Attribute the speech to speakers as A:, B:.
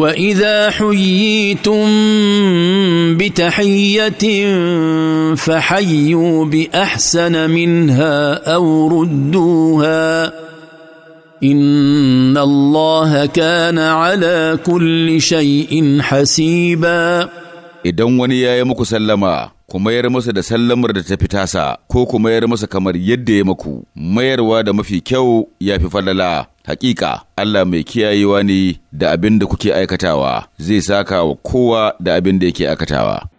A: واذا حييتم بتحيه فحيوا باحسن منها او ردوها ان الله كان على
B: كل شيء حسيبا idan wani ya yi muku sallama ku mayar masa da sallamar da ta fi tasa ko ku mayar masa kamar yadda ya maku mayarwa da mafi kyau ya fi falala hakika Allah mai kiyayewa ne da abin da kuke aikatawa zai saka wa kowa da abin da yake aikatawa